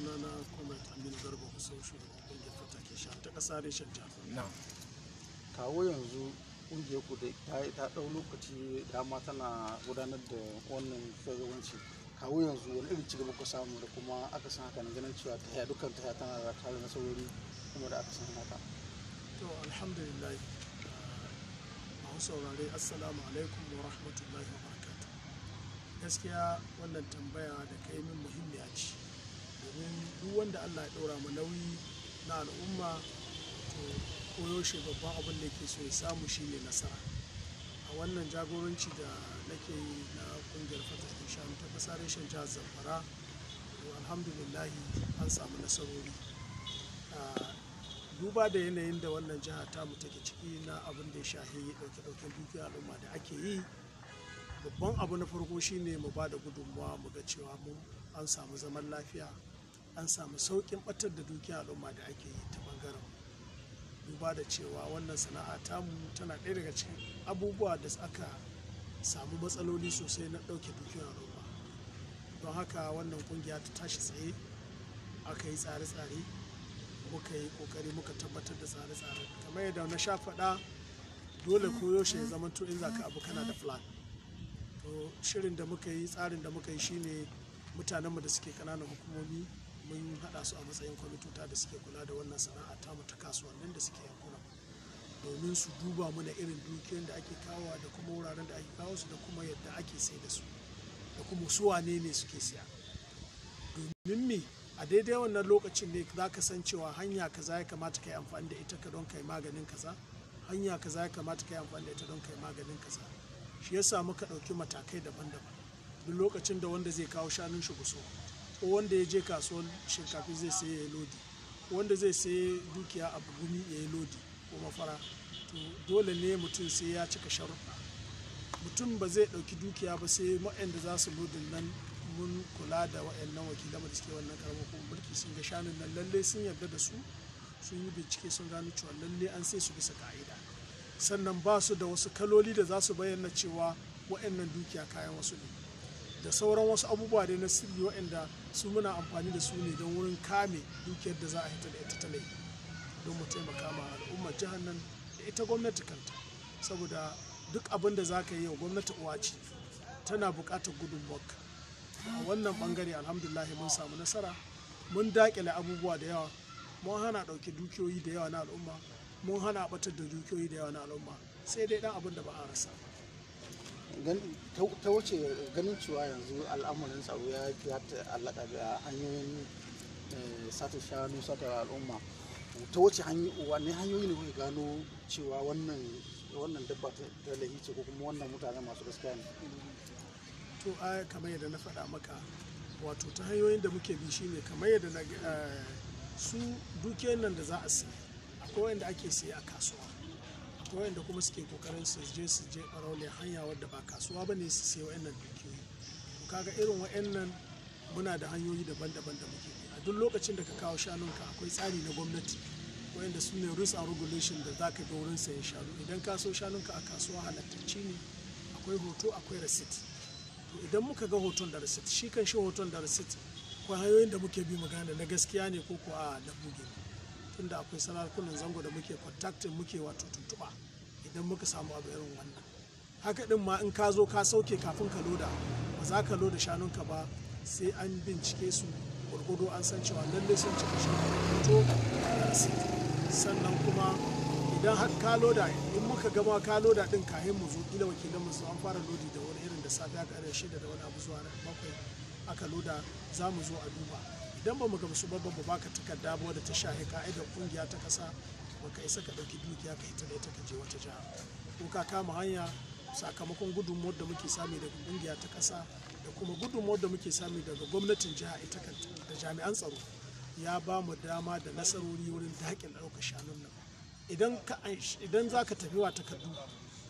sunana comrade aminu garba kusaushe ƙungiyar fata ke sha ta ƙasa reshen jihar kawo yanzu ƙungiyar ku ta ɗau lokaci dama tana gudanar da wannan shugabanci kawo yanzu wani irin cigaba ku samu da kuma aka san haka na ganin cewa ta dukkan ta tana da tare nasarori kuma da aka san haka to alhamdulillah masu saurare assalamu alaikum wa rahmatullahi wa barakatuh gaskiya wannan tambaya da kai min muhimmiya ce domin duk wanda allah ya ɗora mu nauyi na al'umma to koyaushe babban abin da ke so ya samu shine nasara a wannan jagoranci da nake yi na kungiyar fatar shanu ta kasa reshen jihar zamfara to alhamdulillahi an samu nasarori duba da yanayin da wannan jihar ta mu take ciki na abin da ya shahi ɗauke-ɗauken dukiyar al'umma da ake yi babban abu na farko shine mu ba da gudunmawa mu ga cewa mu. an samu zaman lafiya an samu saukin ɓatar da dukiya al'umma da ake yi ta ɓangaren duba da cewa wannan sana'a tamu tana ɗaya daga cikin abubuwa da aka samu matsaloli sosai na ɗauke dukiyar al'umma don haka wannan ƙungiya ta tashi tsaye aka yi tsare-tsare muka yi ƙoƙari muka tabbatar da tsare-tsare kamar yadda na sha faɗa dole koyaushe ya zama to in za ka abu kana da plan to shirin da muka yi tsarin da muka yi shine mutanenmu da suke ƙananan hukumomi mun haɗa su a matsayin kwamitota da suke kula da wannan sana'a ta mu ta kasuwannin da suke yankuna domin su duba mana irin dukiyoyin da ake kawowa da kuma wuraren da ake kawo su da kuma yadda ake sai da su da kuma su wane ne suke siya domin me a daidai wannan lokacin ne za ka san cewa hanya kaza ya kamata ka yi amfani da ita ka don kai maganin kaza hanya kaza ya kamata ka yi amfani da ita don kai maganin kaza shi yasa muka ɗauki matakai daban-daban duk lokacin da wanda zai kawo shanun shi guso Ko wanda ya je kasuwar shinkafi zai sai ya yi lodi wanda zai sai dukiya a bugumi ya yi lodi ko mafara to dole ne mutum sai ya cika sharuɗa mutum ba zai ɗauki dukiya ba sai ma'ayan da za su lodin nan mun kula da wa'annan wakilan da suke wannan karamar kuma mulki sun ga shanun nan lallai sun yarda da su sun yi bincike sun gano cewa lallai an sai su bisa ka'ida sannan ba su da wasu kaloli da za su bayyana cewa wa'annan dukiya kayan wasu ne da sauran wasu abubuwa dai na sirri waɗanda su muna amfani da su ne don wurin kame dukiyar da za a hita da ita ta laifi don mu taimaka ma al'ummar jihar nan da ita gwamnati kanta saboda duk abin da za ka yi wa gwamnati uwa ce tana buƙatar gudunmuwarka a wannan ɓangare alhamdulahi mun samu nasara mun daƙile abubuwa da yawa mun hana ɗauke dukiyoyi da yawa na al'umma mun hana ɓatar da dukiyoyi da yawa na al'umma sai dai ɗan abin da ba a rasa ba ta wuce ganin cewa yanzu al'amarin tsaro ya fi allaka da hanyoyin eh, sata shanu sata al'umma ta wace wani hanyoyi ne kuka gano cewa wannan dabba ta lahice ko kuma wannan mutane masu gaskiya ne to a kamar yadda na faɗa maka wato ta hanyoyin da muke bi shine kamar yadda na eh, su dukiyar nan da za a siya akwai wanda ake siya a kasuwa wanda kuma suke kokarin su je su je raunin hanya wadda ba kasuwa bane su sayi wayannan dukiyoyi to kaga irin wayannan muna da hanyoyi daban-daban da muke a duk lokacin da ka kawo shanunka akwai tsari na gwamnati wayanda su ne rules and regulation da za ka bi wurin sayan shanu idan ka so shanunka a kasuwa halattacci ne akwai hoto akwai receipt to idan muka ga hoton da receipt shi kan shi hoton da receipt akwai hanyoyin da muke bi mu gane na gaskiya ne ko ko a na buge ne inda akwai sarakunan zango da muke contacting muke wato tuntuɓa idan muka samu abu irin wannan haka din ma in ka zo ka sauke kafin ka loda ba za ka loda shanunka ba sai an bincike su gwargwado an san cewa lallai sun cika shi hoto sannan kuma idan har ka loda in muka gama ka loda din kayan mu zo kila wakilan mu an fara lodi da wani irin da safiya ka shida da wani abu zuwa bakwai aka loda za mu zo a duba idan ba mu gamsu babban ba baka takarda ba da ta shahi ka'idar kungiya ta kasa baka isa ka dauki dukiya ka ita ta ka je wata jiha ko ka kama hanya sakamakon gudunmuwar da muke sami daga kungiya ta kasa da kuma gudunmuwar da muke sami daga gwamnatin jiha ita kanta da jami'an tsaro ya ba mu dama da nasarori wurin daƙin ɗaukar shanun nan idan za ka tafi wa takardu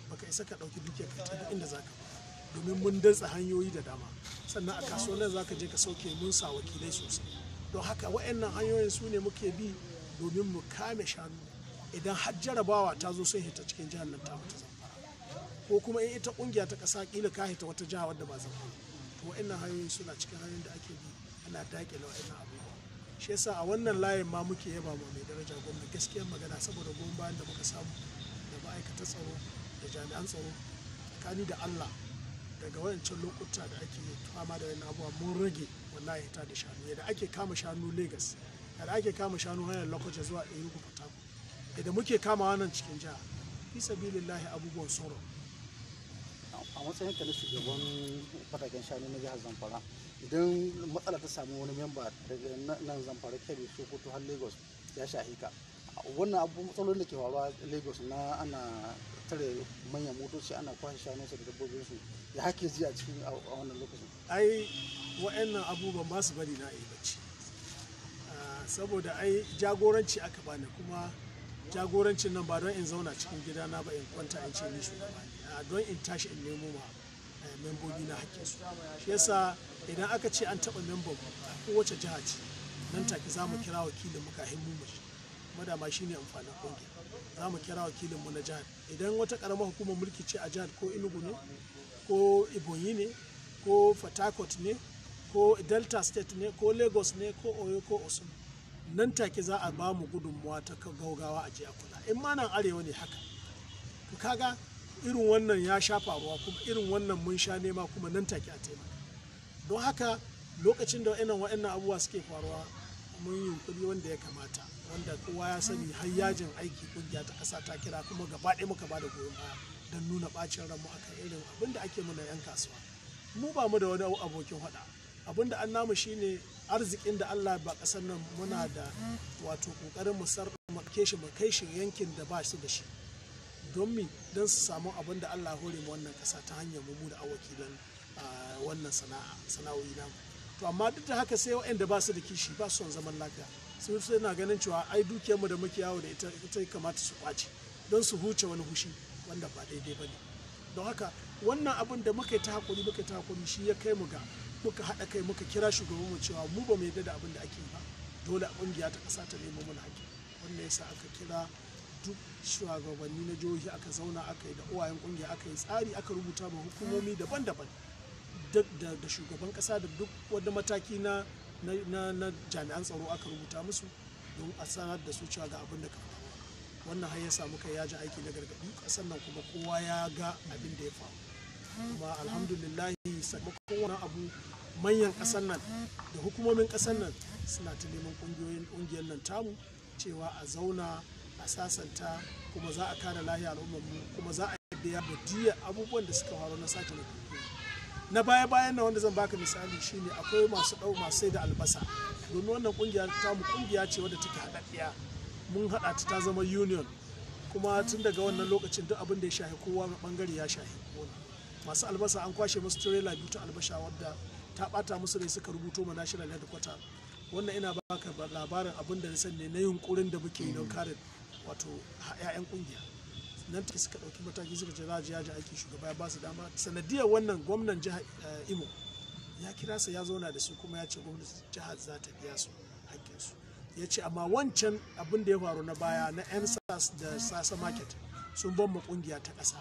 baka isa ka ɗauki dukiya ka tafi inda za ka domin mun dantsa hanyoyi da dama sannan a kasuwar za ka je ka sauke mun sa wakilai sosai don haka waɗannan hanyoyin su ne muke bi domin mu kame shanu idan har jarabawa ta zo sun hita cikin jihar nan ta wata zamfara ko kuma in ita ƙungiya ta ƙasa ƙila ka hita wata jihar wadda ba zamfara to waɗannan hanyoyin suna cikin hanyoyin da ake bi ana daƙile waɗannan abubuwa shi yasa a wannan layin ma muke yaba ma mai daraja gwamna gaskiyar magana saboda goma bayan da muka samu da ma'aikatan tsaro da jami'an tsaro tsakani da allah daga wayancan lokuta da ake fama da wani abubuwa mun rage wallahi ta da shanu yadda ake kama shanu lagos yadda ake kama shanu hanyar lokacin zuwa enugu port yadda muke kama wannan cikin jiha fi sabilillahi abubuwan tsoro a matsayin ka na shugaban fataken shanu na jihar zamfara idan matsala ta samu wani memba daga nan zamfara kebe sokoto har lagos ya shahi ka wannan abu matsalolin da ke faruwa lagos na ana tare manyan motoci ana kwashe shanu da dabbobin su ya hake ji a cikin a wannan lokacin ai wa'annan abubuwan ba su bari na yi bacci ah, saboda ai jagoranci aka bani kuma jagorancin nan ba don in zauna cikin gidana ba in kwanta in ce ni shugaba ah, don in tashi in nemo ma eh, membobi na hakkin su yasa idan aka ce an taɓa membobi a kowace jihar ce nan take za mu kira wakilin mu kahin mu kuma shi ne amfanin kungiya za mu kira wakilinmu na jihar idan wata karamar hukumar mulki ce a jihar ko inugu ne ko ibonyi ne ko fatakot ne ko delta state ne ko lagos ne ko oyo ko osun nan take za a ba mu gudunmuwa ta gaugawa a jiya kula in ma nan arewa ne haka ku kaga irin wannan ya sha faruwa kuma irin wannan mun sha nema kuma nan take a taimaka don haka lokacin da wa'annan wa'annan abubuwa suke faruwa mun yi wanda ya kamata wanda kowa ya sani har yajin aiki kungiya ta kasa ta kira kuma gaba ɗaya muka bada goyon baya don nuna bacin ranmu a kan irin abin da ake muna yan kasuwa mu ba mu da wani abokin hada abin da an namu shine arzikin da Allah ba kasar nan muna da wato kokarin mu sarrafa shi mu kai shi yankin da ba su da shi don mi don su samu abin da Allah hore mu wannan kasa ta hanyar mu da awakilan wannan sana'a sana'o'i namu to amma duk da haka sai waɗanda ba su da kishi ba su son zaman lafiya sun su yana ganin cewa ai mu da muke yawo da ita ita kamata su kwace don su huce wani hushi wanda ba daidai ba ne don haka wannan abin da muka yi ta hakuri muka ta hakuri shi ya kai mu ga muka haɗa kai muka kira shugabanmu cewa mu ba mu yarda da abin da ake ba dole a ƙungiya ta ƙasa ta nemo mana haƙƙi wannan yasa aka kira duk shugabanni na jihohi aka zauna aka yi da uwayen ƙungiya aka yi tsari aka rubuta ma hukumomi daban-daban da shugaban ƙasa da duk wanda mataki na na jami'an tsaro aka rubuta musu don a sanar da su cewa ga abin da ka faru wannan har ya samu kai ya ji aiki na gargaɗi ƙasar nan kuma kowa ya ga abin da ya faru kuma alhamdulillah sakamakon wani abu manyan ƙasar nan da hukumomin ƙasar nan suna ta neman ƙungiyoyin ƙungiyar nan tamu cewa a zauna a sasanta kuma za a kare lahiya al'ummar mu kuma za a biya da diya abubuwan da suka faru na sake na na baya bayan na wanda zan baka misali shine akwai masu dau masu sai da albasa domin wannan kungiya ta mu kungiya ce wadda take haɗaɗɗiya mun haɗa ta ta zama union kuma tun daga wannan lokacin duk abin da ya shahi kowa mai bangare ya shahi kowa masu albasa an kwashe musu trailer biyu ta albasa wadda ta bata musu rai suka rubuto ma national headquarter wannan ina baka labarin abin da na sani na yunkurin da muke yi don kare wato 'ya'yan kungiya nan ta suka ɗauki mataki suka ce za a ji yaji aiki shugaba ya ba su dama sanadiyar wannan gwamnan jihar eh, imo ya kira sa ya zauna da su kuma ya ce gwamnati jihar za ta biya su haƙƙinsu ya ce amma wancan abin da ya faru na baya na nsas da sasa market sun ban mu kungiya ta ƙasa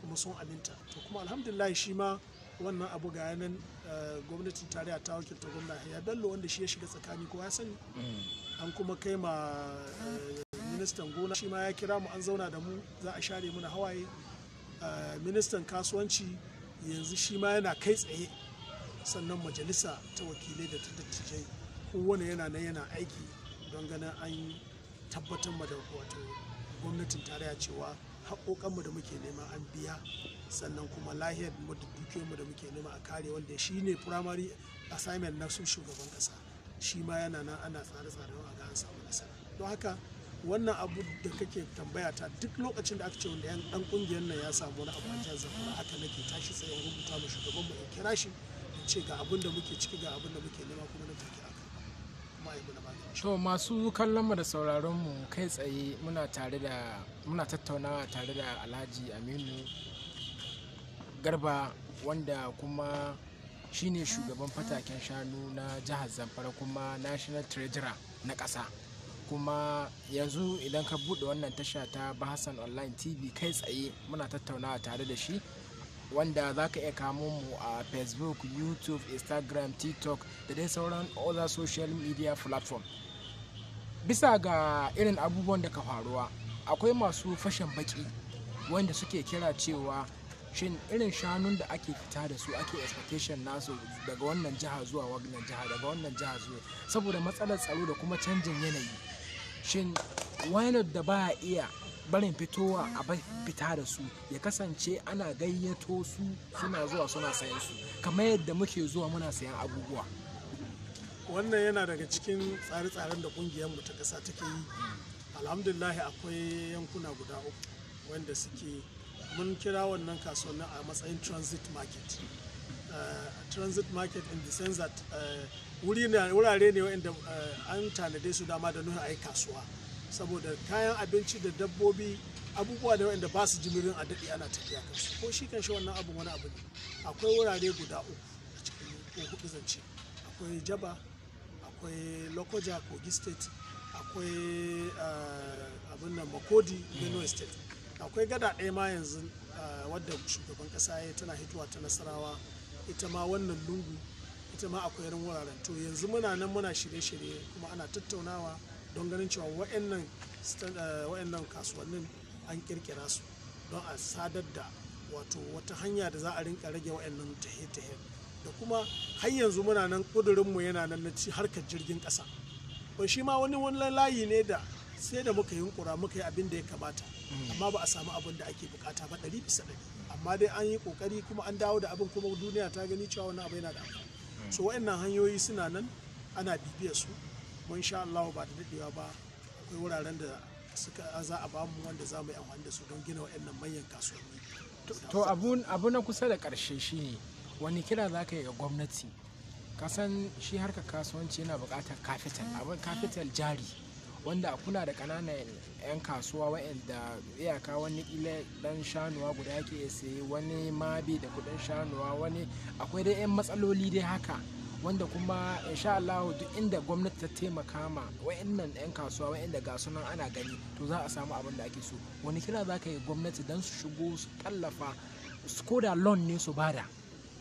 kuma sun aminta to kuma alhamdulillah shi ma wannan abu ga yanan eh, gwamnatin tarayya ta wakilta gwamna ya bello wanda shi ya shiga tsakani kowa ya sani mm. an kuma kai ma eh, ministan gona shi ma ya kira mu an zauna da mu za a share muna hawaye ministan kasuwanci yanzu shi ma yana kai tsaye sannan majalisa ta wakilai da ta dattijai kowane yana na yana aiki don ganin an tabbatar da wato gwamnatin tarayya cewa haƙoƙanmu da muke nema an biya sannan kuma lahiyar mu da dukiyarmu muke nema a kare wanda shi ne primary assignment na su shugaban ƙasa shi ma yana nan ana tsare-tsaren a ga an samu nasara don haka wannan abu da kake tambaya ta duk lokacin da aka ce wanda yan kungiyar nan ya samu wani abu a jihar zamfara haka nake tashi in rubuta ma shugaban mu in kira shi in ce ga abin da muke ciki ga abin da muke nema kuma na take aka kuma ai muna magani to masu kallon mu da sauraron mu kai tsaye muna tare da muna tattaunawa tare da Alhaji Aminu Garba wanda kuma shine shugaban fataken shanu na jihar Zamfara kuma National Treasurer na ƙasa. kuma yanzu idan ka buɗe wannan tasha ta bahasan online tv kai tsaye muna tattaunawa tare da shi wanda za ka iya kamo mu a facebook youtube instagram tiktok da dai sauran other social media platform bisa ga irin abubuwan da ka faruwa akwai masu fashin baki wanda suke kira cewa shin irin shanun da ake fita da su ake expectation nasu daga wannan jiha zuwa wannan jiha daga wannan jiha zuwa saboda matsalar tsaro da kuma canjin yanayi shin wainar da ba iya barin fitowa a fita da su ya kasance ana gayyato su suna zuwa suna sayan su kamar yadda muke zuwa muna sayan abubuwa wannan yana daga cikin tsare-tsaren da mu ta kasa take yi alhamdulahi akwai yankuna guda uku wanda suke mun kira wannan kasuwannin a matsayin transit market Uh, a transit market in the sense that uh, wuri na wurare ne wa'anda uh, an tanade su dama da nuna ai kasuwa saboda kayan abinci da dabbobi abubuwa da wanda ba su jimirin a daɗe ana tafiya kansu ko shi kan shi wannan abu wani abu ne akwai wurare guda uku a cikin hudu zance akwai jaba akwai lokoja kogi state akwai abin nan makodi benue hmm. state akwai gada ɗaya ma yanzu wadda shugaban ƙasa ya tana hituwa ta nasarawa ita ma wannan lungu ita ma akwai ran wuraren to yanzu muna nan muna shirye-shirye kuma ana tattaunawa don ganin cewa wa'annan eh, kasuwannin an kirkira su don a sadar da wato wata hanya da za a rinka rage wa'annan tahe-tahe da kuma har yanzu muna nan ƙudurinmu yana nan na ci harkar jirgin ƙasa shi ma wani wani layi ne da sai da muka yunkura muka yi abin da ya kamata amma ba a samu abin da ake bukata ba ɗari bisa ɗari amma dai an yi kokari kuma an dawo da abin kuma duniya ta gani cewa wani abu yana da amfani so wa'annan hanyoyi suna nan ana bibiya su mun sha Allah ba da daɗewa ba akwai wuraren da suka za a bamu wanda za mu yi amfani da su don gina wa'annan manyan kasuwanni to abu na kusa da ƙarshe ne wani kira za ka yi ga gwamnati kasan shi harkar kasuwanci yana buƙatar capital abin capital jari wanda a kula da kananan 'yan kasuwa wa'anda iyaka wani ila dan shanuwa guda ke sai wani ma bai da kudin shanuwa wani akwai dai 'yan matsaloli dai haka wanda kuma insha Allah duk inda gwamnati ta taimaka ma wa'annan 'yan kasuwa wa'anda ga sunan ana gani to za a samu abin da ake so wani kira za ka yi gwamnati don su shigo su tallafa su koda loan ne su bada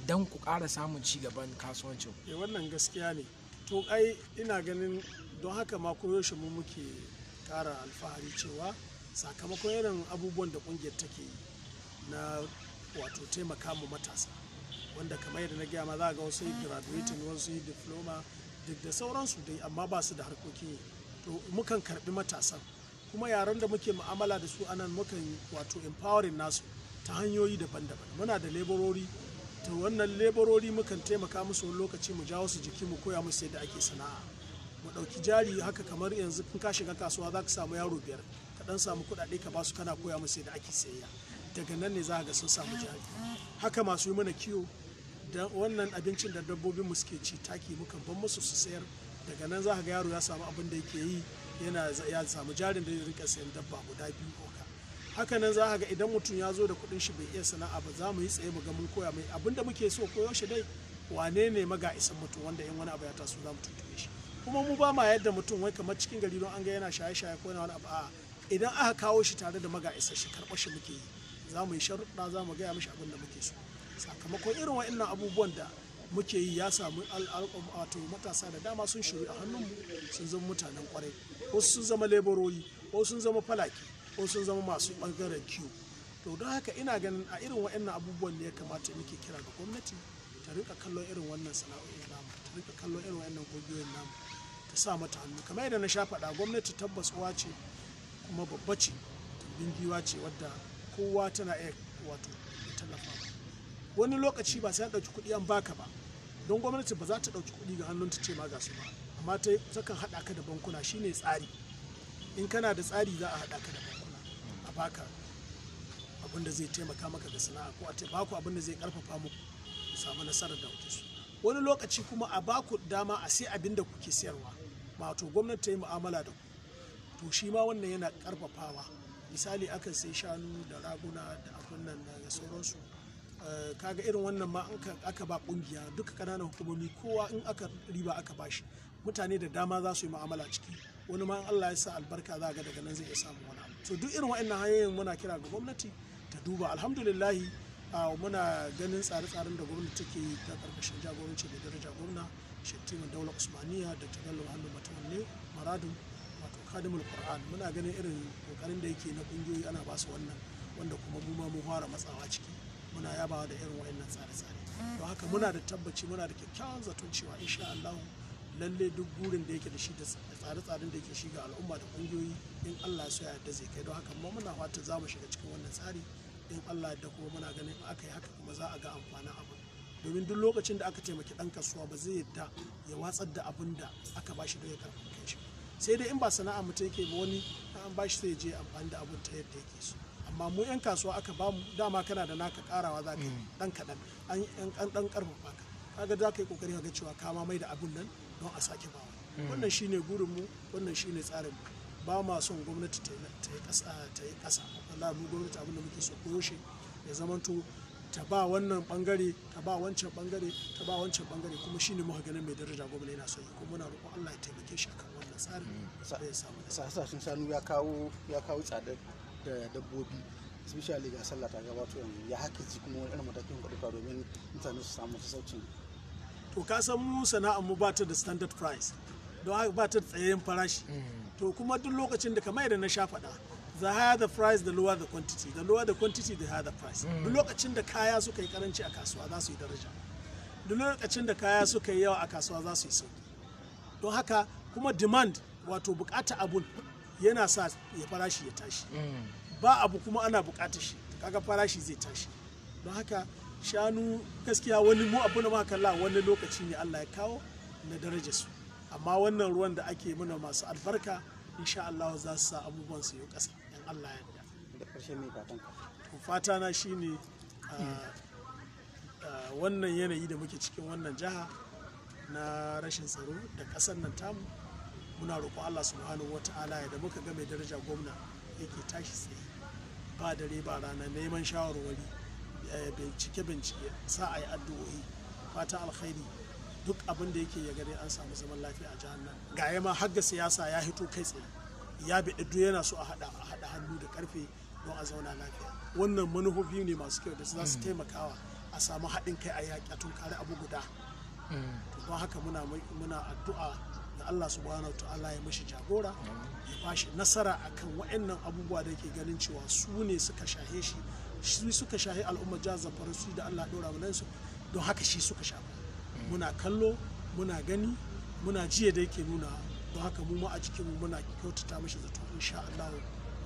don ku ƙara samun ci gaban kasuwancin. Eh, wannan gaskiya ne to ai ina ganin don haka ma koyaushe mu muke kara alfahari cewa sakamakon irin abubuwan da kungiyar take yi na wato taimaka mu matasa wanda kamar yadda na gaya ma za a ga wasu mm. graduating wasu diploma duk da sauransu dai amma ba su da harkokin to mukan karbi matasan kuma yaran da muke mu'amala da su anan mukan wato empowering nasu ta hanyoyi daban-daban muna da leburori ta wannan leburori mukan taimaka musu wani lokaci mu jawo su jiki mu koya musu yadda ake sana'a mu ɗauki jari haka kamar yanzu in ka shiga kasuwa za ka samu yaro biyar ka ɗan samu kuɗaɗe ka basu kana koya musu da ake sayayya daga nan ne za ga sun samu jari haka masu yi mana kiwo da wannan abincin da dabbobin mu suke ci taki mukan ban musu su sayar daga nan za ga yaro ya samu abin da yake yi yana ya samu jarin da ya rika sayan dabba guda biyu koka haka nan za ga idan mutum ya zo da kuɗin shi bai iya sana'a ba za mu yi tsaye mu ga mun koya mai abin da muke so koyo shi dai wane ne maga isan mutum wanda in wani abu ya taso za mu tuntube shi kuma mu ba ma yadda mutum wai kamar cikin gari don an ga yana shaye-shaye ko na wani abu a idan aka kawo shi tare da maga isa shi karɓar shi muke yi za mu yi sharuɗa za mu gaya mishi abin da muke so sakamakon irin wa'annan abubuwan da muke yi ya samu wato matasa da dama sun shiru a hannunmu sun zama mutanen kwarai wasu sun zama leburori wasu sun zama falaki wasu sun zama masu ɓangaren kiwo to don haka ina ganin a irin wa'annan abubuwan ne ya kamata muke kira ga gwamnati ta rika kallon irin wannan sana'o'in namu ta rika kallon irin wa'annan kungiyoyin namu ta sa mata hannu kamar yadda na sha faɗa gwamnati tabbas uwa ce kuma babba ce tambin giwa ce wadda kowa tana iya wato tallafa wani lokaci ba sai an ɗauki kuɗi an baka ba don gwamnati ba za ta ɗauki kuɗi ga hannunta ce ma ga su ba amma ta takan haɗa ka da bankuna shine tsari in kana da tsari za a haɗa ka da bankuna a baka abin zai taimaka maka da sana'a ko a baku abinda zai karfafa muku ku samu nasarar da kuke so wani lokaci kuma a baku dama a sai abin da kuke sayarwa wato gwamnati ta yi mu'amala da ku to shi ma wannan yana karfafawa misali aka sai shanu da raguna da abin nan da sauransu eh, kaga irin wannan ma aka ba kungiya duka kananan hukumomi kowa in aka riba aka bashi mutane da dama za su yi mu'amala ciki wani ma Allah ya sa albarka za ga daga nan zai samu wani abu to duk irin waɗannan hanyoyin muna kira ga gwamnati ta duba alhamdulillah ah, muna ganin tsare-tsaren da gwamnati take ta karkashin jagoranci da daraja gwamna shattima daula usmaniya da hannun hannu ne maradu wato kadimul qur'an muna ganin irin kokarin da yake na kungiyoyi ana ba su wannan wanda kuma mu ma mu fara matsawa ciki muna yabawa da irin wayannan tsare-tsare don haka muna da tabbaci muna da kyakkyawan zaton cewa insha Allah lalle duk gurin da yake da shi da tsare-tsaren da yake shi ga al'umma da kungiyoyi in Allah so ya yarda zai kai don haka mu muna fata za mu shiga cikin wannan tsari in Allah da kuma muna ganin aka yi haka kuma za a ga amfanin abu domin duk lokacin da aka taimaki ɗan kasuwa ba zai yadda ya watsar da abin da aka bashi don ya karɓi kai shi sai dai in ba sana'a mu mutum yake ba wani an bashi sai je amfani da abin ta yadda yake so amma mu 'yan kasuwa aka ba mu dama kana da naka karawa za ka mm. ɗan kaɗan an dan ƙarfafa ka kaga za ka yi ƙoƙari ga cewa kama mai da abin nan don a sake bawa mm. wannan shine mu, wannan shine mu. ba ma son gwamnati ta yi ƙasa ta yi kasa wallahi mu gwamnati abin da muke so koyaushe ya zamanto ta ba wannan bangare ta ba wancan bangare ta ba wancan bangare kuma shine muka ganin mai daraja gwamna yana so kuma muna roƙon Allah ya taimake shi akan wannan tsarin mm. ya samu sun shanu ya kawo ya kawo tsadar da dabbobi especially ga sallah ta gabato yanzu ya hake ji kuma wani matakin kuɗi domin mutane su samu sassaucin to ka san mu sana'ar mu ba ta da standard price don haka ba ta tsayayyen farashi mm. to kuma duk lokacin da ka mai da na sha faɗa the higher the price the lower the quantity the lower the quantity the higher the price hmm. duk lokacin da kaya suka yi karanci a kasuwa za su yi daraja duk lokacin da kaya suka yi yawa a kasuwa za su yi sauki don haka kuma demand wato bukata abun yana sa ya farashi ya tashi hmm. ba abu kuma ana bukata shi kaga farashi zai tashi don haka shanu gaskiya wani mu abu na kalla wani lokaci ne Allah ya kawo na daraja su amma wannan ruwan da ake mana masu albarka insha Allah za su sa abubuwan su yi kasa. Allah yarda da ƙarshe mai fatan ka fata na shine ah, ah, wannan yanayi da muke cikin wannan jiha na rashin tsaro da ƙasar nan tamu muna roƙo Allah subhanahu wata'ala ya da muka ga mai daraja gwamna yake tashi tsaye ba dare ba rana neman shawarwari eh, bincike bincike sa a yi addu'o'i fata alkhairi duk abin da yake ya gani an samu zaman lafiya a jihar nan ga yamma har da siyasa ya hito kai tsaye ya biɗi duk yana so a haɗa hannu da karfe don a zauna lafiya wannan manufofi ne masu kyau da za su mm. taimakawa a samu haɗin kai a yaƙi a tunkari abu guda mm. don haka muna muna addu'a da Allah subhanahu ta'ala ya mashi jagora ya bashi nasara akan waɗannan abubuwa da yake ganin cewa su ne suka shahe shi su suka shahe al'ummar jihar zamfara su da Allah ɗora wa su don haka shi suka shafa mm. muna kallo muna gani muna jiya da yake nuna don haka mu ma a cikin mu muna kyautata mishi zato insha Allah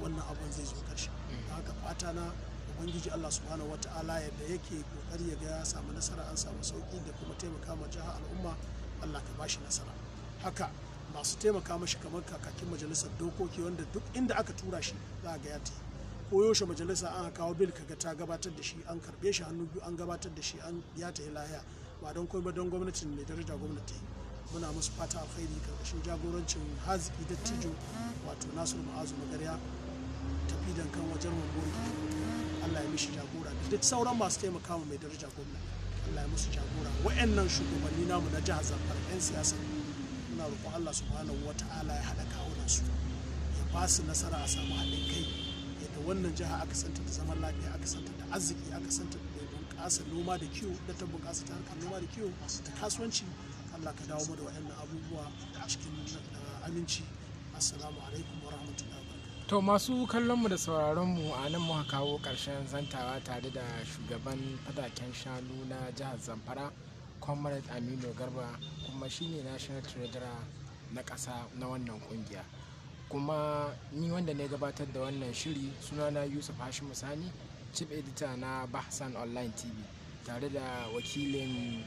wannan abun zai zo karshe don haka fata na ubangiji Allah subhanahu wata'ala yadda yake kokari ya ga ya samu nasara an samu sauki da kuma taimaka ma jiha al'umma Allah ka bashi nasara haka masu taimaka mashi kamar kakakin majalisar dokoki wanda duk inda aka tura shi za a ga ko yaushe majalisa an kawo bil kaga ta gabatar da shi an karbe shi hannu biyu an gabatar da shi an ya ta lahiya ba don ba don gwamnatin mai daraja gwamnati muna musu fata alkhairi karkashin jagorancin haziki dattijo wato nasiru ma'azu magarya tafi da kan wajen wambori allah ya mishi jagora da duk sauran masu taimakawa mai daraja gwamna allah ya musu jagora wa'annan shugabanni namu na jihar zamfara 'yan siyasa muna roƙon allah subhanahu wa ta'ala ya haɗa kawunan su ya ba su nasara a samu haɗin kai yadda wannan jiha aka santa da zaman lafiya aka santa da arziki aka santa da bunƙasa noma da kiwo da ta bunƙasa ta harkar noma da kiwo da kasuwanci Allah ka dawo da wa'annan abubuwa cikin eh, aminci assalamu alaikum wa rahmatullahi to masu kallon mu da sauraron mu a nan muka kawo ƙarshen zantawa tare da shugaban fadaken shanu na jihar zamfara comrade aminu garba kuma shine national treasurer na ƙasa na wannan kungiya kuma ni wanda ne gabatar da wannan shiri sunana yusuf hashimu sani chief editor na bahsan online tv tare da wakilin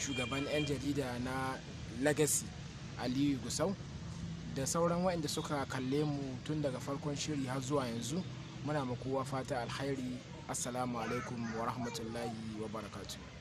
shugaban 'yan jarida na legacy aliyu gusau da sauran waɗanda suka kalle mu tun daga farkon shiri har zuwa yanzu muna ma kowa fata alhairi assalamu alaikum wa rahmatullahi wa barakatuhu